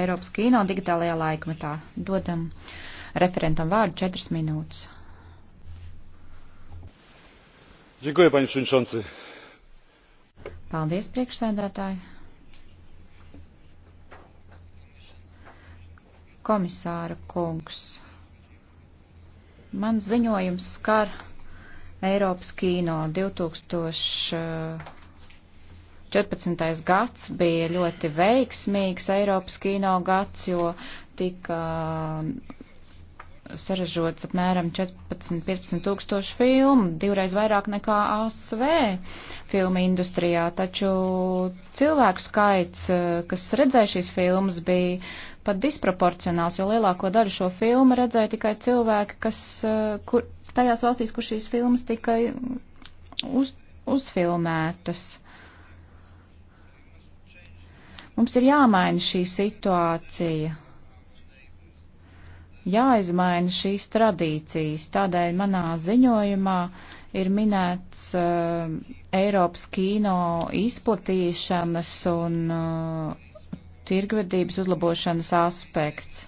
Eiropas kino digitālajā laikmetā. Dodam referentam vārdu četras minūtes. Dziekuja, paņi Šunčonci. Paldies, priekšsēdētāji. Komisāra kungs. Man ziņojums skar Eiropas kino 2000. 14. gads bija ļoti veiksmīgs Eiropas kino gads, jo tika um, saražots apmēram 14-15 tūkstoši filmu, divreiz vairāk nekā ASV filmu industrijā, taču cilvēku skaits, uh, kas redzēja šīs filmas, bija pat disproporcionāls, jo lielāko daļu šo filmu redzēja tikai cilvēki, kas, uh, kur, tajās valstīs, kur šīs filmas tika um, uz, uzfilmētas. Mums ir jāmaina šī situācija, jāizmaina šīs tradīcijas. Tādēļ manā ziņojumā ir minēts uh, Eiropas kino izplatīšanas un uh, tirgvedības uzlabošanas aspekts.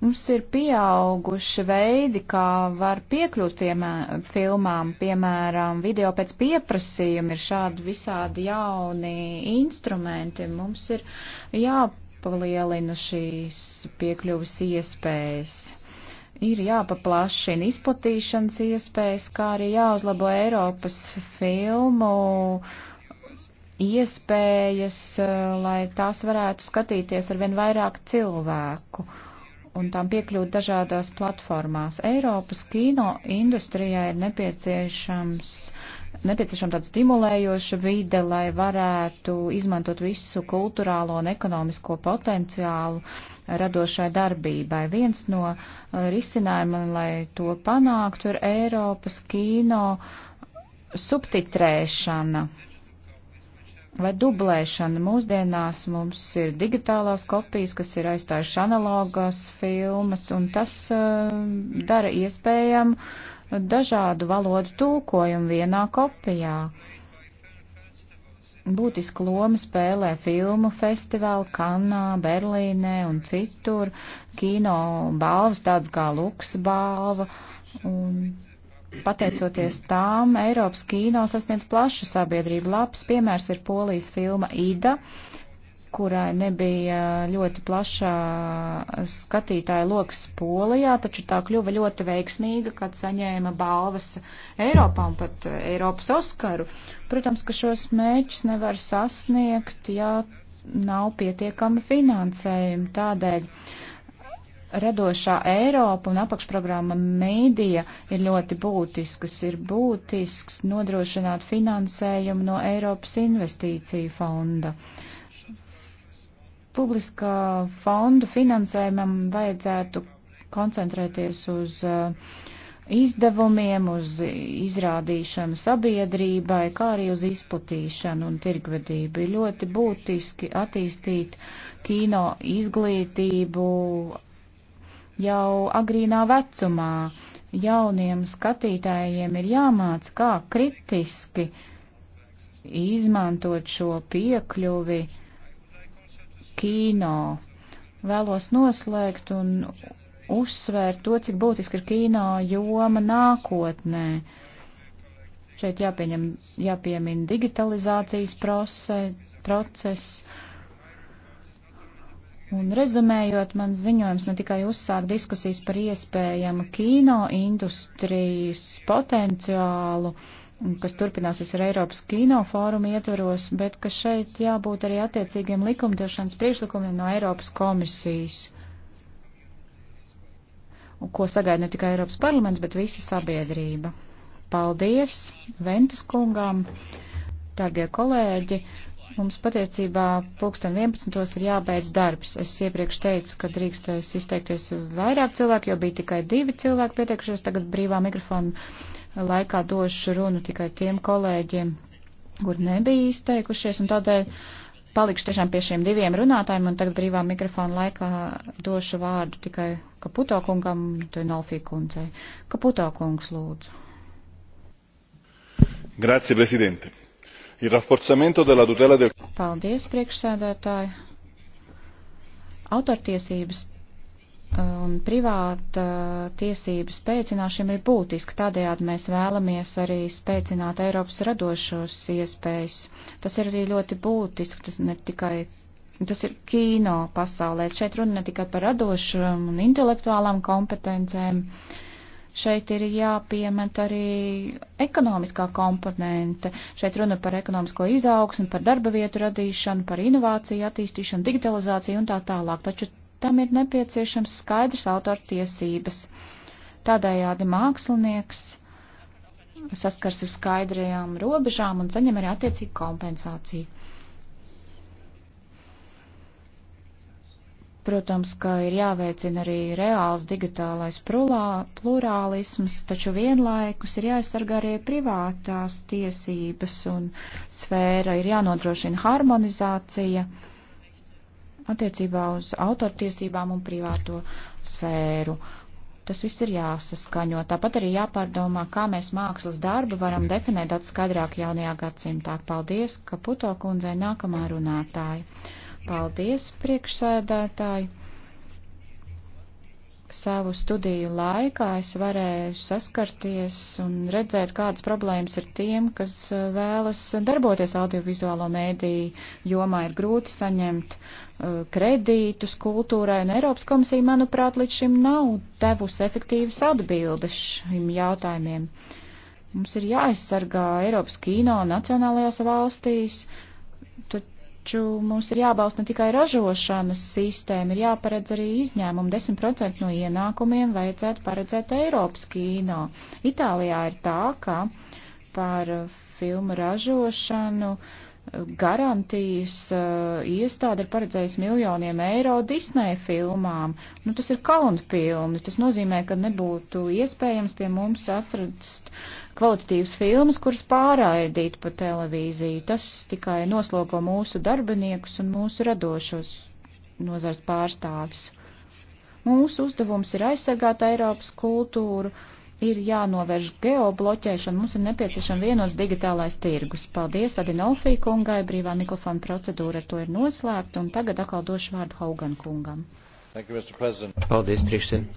Mums ir pieauguši veidi, kā var piekļūt piemē, filmām, piemēram, video pēc pieprasījuma ir šādi visādi jauni instrumenti. Mums ir jāpalielina šīs piekļuvas iespējas ir jāpaplašina izplatīšanas iespējas, kā arī jāuzlabo Eiropas filmu iespējas, lai tās varētu skatīties ar vien vairāk cilvēku un tām piekļūt dažādās platformās. Eiropas kino industrijai ir nepieciešams, nepieciešama tāda stimulējoša vide, lai varētu izmantot visu kulturālo un ekonomisko potenciālu radošai darbībai. Viens no uh, risinājumiem, lai to panāktu, ir Eiropas kino subtitrēšana vai dublēšana. Mūsdienās mums ir digitālās kopijas, kas ir aizstājuši analogās filmas, un tas uh, dara iespējamu dažādu valodu tūkojumu vienā kopijā. Būtisku lomu spēlē filmu festivāli Kannā, Berlīnē un citur, kino balvas tāds kā Luks balva. Un pateicoties tām, Eiropas kīno sasniedz plašu sabiedrību. Labs piemērs ir polijas filma Ida, kurai nebija ļoti plašā skatītāja lokas Polijā, taču tā kļuva ļoti veiksmīga, kad saņēma balvas Eiropā un pat Eiropas Oskaru. Protams, ka šos mēģus nevar sasniegt, ja nav pietiekami finansējumi. Tādēļ Radošā Eiropa un apakšprogramma mēdīja ir ļoti būtiskas. Ir būtisks nodrošināt finansējumu no Eiropas investīciju fonda. Publiskā fondu finansējumam vajadzētu koncentrēties uz uh, izdevumiem, uz izrādīšanu sabiedrībai, kā arī uz izplatīšanu un tirgvedību. Ir ļoti būtiski attīstīt kino izglītību, jau agrīnā vecumā. Jauniem skatītājiem ir jāmāc, kā kritiski izmantot šo piekļuvi kino. Vēlos noslēgt un uzsvērt to, cik būtiski ir kino joma nākotnē. Šeit jāpieņem, jāpiemina digitalizācijas process, process Un rezumējot, man ziņojums ne tikai uzsāk diskusijas par iespējamu kino industrijas potenciālu, kas turpināsies ar Eiropas kino fórumu ietvaros, bet ka šeit jābūt arī attiecīgiem likumdošanas priekšlikumiem no Eiropas komisijas, un ko sagaida ne tikai Eiropas parlaments, bet visa sabiedrība. Paldies Ventas kungām, darbie kolēģi! Mums patiecībā pulksten 11. ir jābeidz darbs. Es iepriekš teicu, ka drīkstēs izteikties vairāk cilvēku, jo bija tikai divi cilvēki pieteikušies. Tagad brīvā mikrofona laikā došu runu tikai tiem kolēģiem, kur nebija izteikušies, un tādēļ palikšu tiešām pie šiem diviem runātājiem, un tagad brīvā mikrofona laikā došu vārdu tikai Kaputo kungam, to Nolfī kundzei. Kaputo kungs, lūdzu. Grazie, prezidente il rafforzamento della tutela del. Paldies, priekšsēdētāji. Autortiesības eh, un privāta eh, tiesības spēcināšana ir būtiska. Tādējādi mēs vēlamies arī spēcināt Eiropas radošos iespējas. Tas ir arī ļoti būtiski. Tas, tikai, tas ir kino pasaulē. Šeit runa ne tikai par radošām un intelektuālām kompetencēm. Uh, Šeit ir jāpiemet arī ekonomiskā komponente. Šeit runa par ekonomisko izaugsmu, par darba vietu radīšanu, par inovāciju attīstīšanu, digitalizāciju un tā tālāk. Taču tam ir nepieciešams skaidrs autortiesības. Tādējādi mākslinieks saskars ar skaidrajām robežām un saņem arī attiecīgu kompensāciju. Protams, ka ir jāveicina arī reāls digitālais prulā, plurālisms, taču vienlaikus ir jāaizsargā arī privātās tiesības un sfēra, ir jānodrošina harmonizācija attiecībā uz autortiesībām un privāto sfēru. Tas viss ir jāsaskaņo. Tāpat arī jāpārdomā, kā mēs mākslas darbu varam definēt daudz skaidrāk jaunajā gadsimtā. Paldies, ka puto kundzei nākamā runātāja. Paldies, priekšsēdētāji! Savu studiju laikā es varēju saskarties un redzēt, kādas problēmas ir tiem, kas uh, vēlas darboties audiovizuālo mēdīju jomā. Ir grūti saņemt uh, kredītus kultūrai, un Eiropas komisija, manuprāt, līdz šim nav devusi efektīvas atbildes šim jautājumiem. Mums ir jāaizsargā Eiropas kino nacionālajās valstīs, tad Taču mums ir jābalsta ne tikai ražošanas sistēma, ir jāparedz arī izņēmumu. 10% no ienākumiem vajadzētu paredzēt Eiropas kīno. Itālijā ir tā, ka par filmu ražošanu uh, garantijas uh, iestāde ir paredzējusi miljoniem eiro Disneja filmām. Nu, tas ir kaunpilni. Tas nozīmē, ka nebūtu iespējams pie mums atrast kvalitatīvas filmas, kuras pārraidīt pa televīziju. Tas tikai noslogo mūsu darbiniekus un mūsu radošos nozars pārstāvis. Mūsu uzdevums ir aizsargāt Eiropas kultūru ir jānovērš geobloķēšana, mums ir nepieciešama vienos digitālais tirgus. Paldies Adinolfī kungai, brīvā mikrofona procedūra ar to ir noslēgta, un tagad atkal došu vārdu Haugan kungam. Thank you, Paldies, priekšsēd.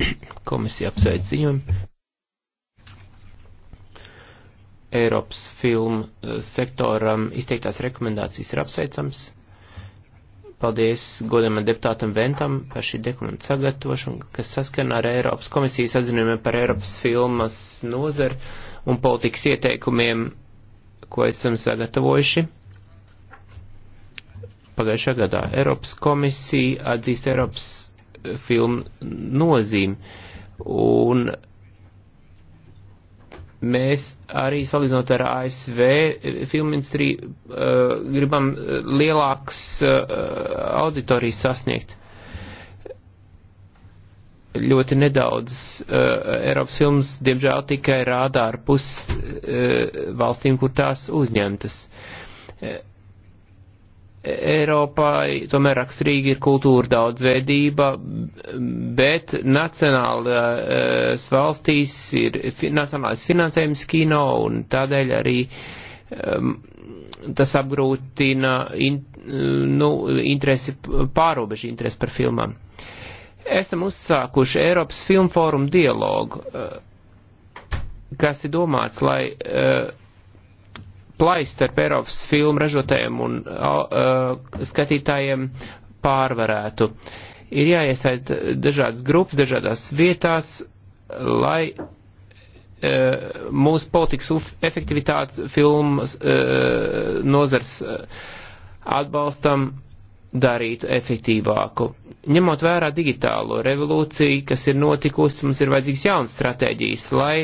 Komisija apsveic ziņojumu. Eiropas filmu eh, sektoram izteiktās rekomendācijas ir apsveicams. Paldies godamam deputātam Ventam par šī dokumenta sagatavošanu, kas saskana ar Eiropas komisijas atzinumiem par Eiropas filmas nozaru un politikas ieteikumiem, ko esam sagatavojuši. Pagājušā gadā Eiropas komisija atzīst Eiropas filmu nozīmi un mēs arī salīdzinot ar ASV filmu industriju uh, eh, gribam eh, lielākas uh, auditorijas sasniegt. Ļoti nedaudz uh, Eiropas filmas, diemžēl, tikai rādā ar pus uh, valstīm, kur tās uzņemtas. Uh, Eiropai tomēr raksturīgi ir kultūra daudzveidība, bet nacionālās valstīs ir nacionālais finansējums kino un tādēļ arī um, tas apgrūtina in, nu, interesi, pārobežu interesi par filmām. Esam uzsākuši Eiropas filmforumu dialogu, uh, kas ir domāts, lai uh, plais starp Eiropas filmu ražotājiem un uh, skatītājiem pārvarētu. Ir jāiesaist dažādas grupas, dažādās vietās, lai uh, mūsu politikas efektivitātes filmas uh, nozars uh, atbalstam darītu efektīvāku. Ņemot vērā digitālo revolūciju, kas ir notikusi, mums ir vajadzīgs jauns stratēģijas, lai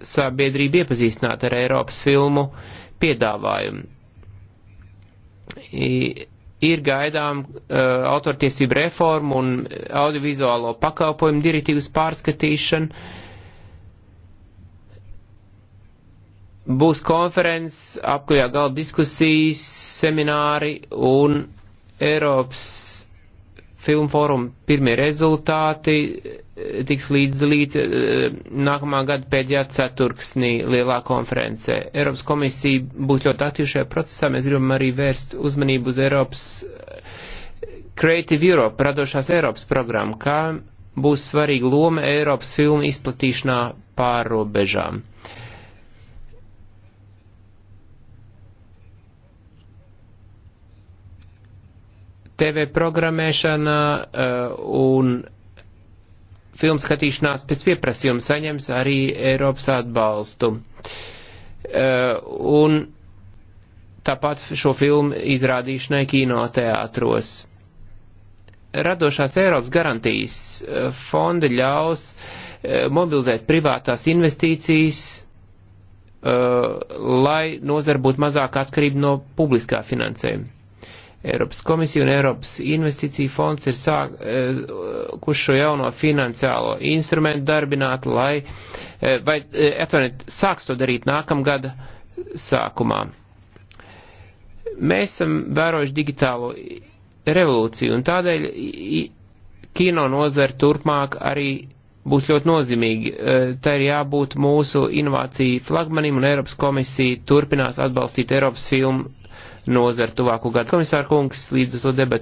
sabiedrība iepazīstinātu ar Eiropas filmu, piedāvājumu. I, ir gaidām uh, autortiesību reformu un audiovizuālo pakalpojumu direktīvas pārskatīšana. Būs konferences, apkajā galda diskusijas, semināri un Eiropas filmu fórumu pirmie rezultāti tiks līdzdalīta eh, nākamā gada pēdējā ceturksnī lielā konferencē. Eiropas komisija būs ļoti aktīva šajā procesā. Mēs gribam arī vērst uzmanību uz Eiropas eh, Creative Europe, radošās Eiropas programmu, kā būs svarīga loma Eiropas filmu izplatīšanā pārrobežām. TV programmēšana uh, un filmu skatīšanās pēc pieprasījuma saņems arī Eiropas atbalstu. Eh, un tāpat šo filmu izrādīšanai kinoteātros. Radošās Eiropas garantijas eh, fondi ļaus eh, mobilizēt privātās investīcijas, lai nozara būtu mazāk atkarība no publiskā finansējuma Eiropas komisija un Eiropas investīcija fonds ir sākuši e, šo jauno finansiālo instrumentu darbināt, lai, e, vai, e, atvainiet, sāks to darīt nākamgada sākumā. Mēs esam vērojuši digitālo revolūciju un tādēļ kino nozara turpmāk arī būs ļoti nozīmīgi. Tā ir jābūt mūsu inovāciju flagmanim un Eiropas komisija turpinās atbalstīt Eiropas filmu nozaru tuvāko gadu. Komisāra kungs, līdz ar to debats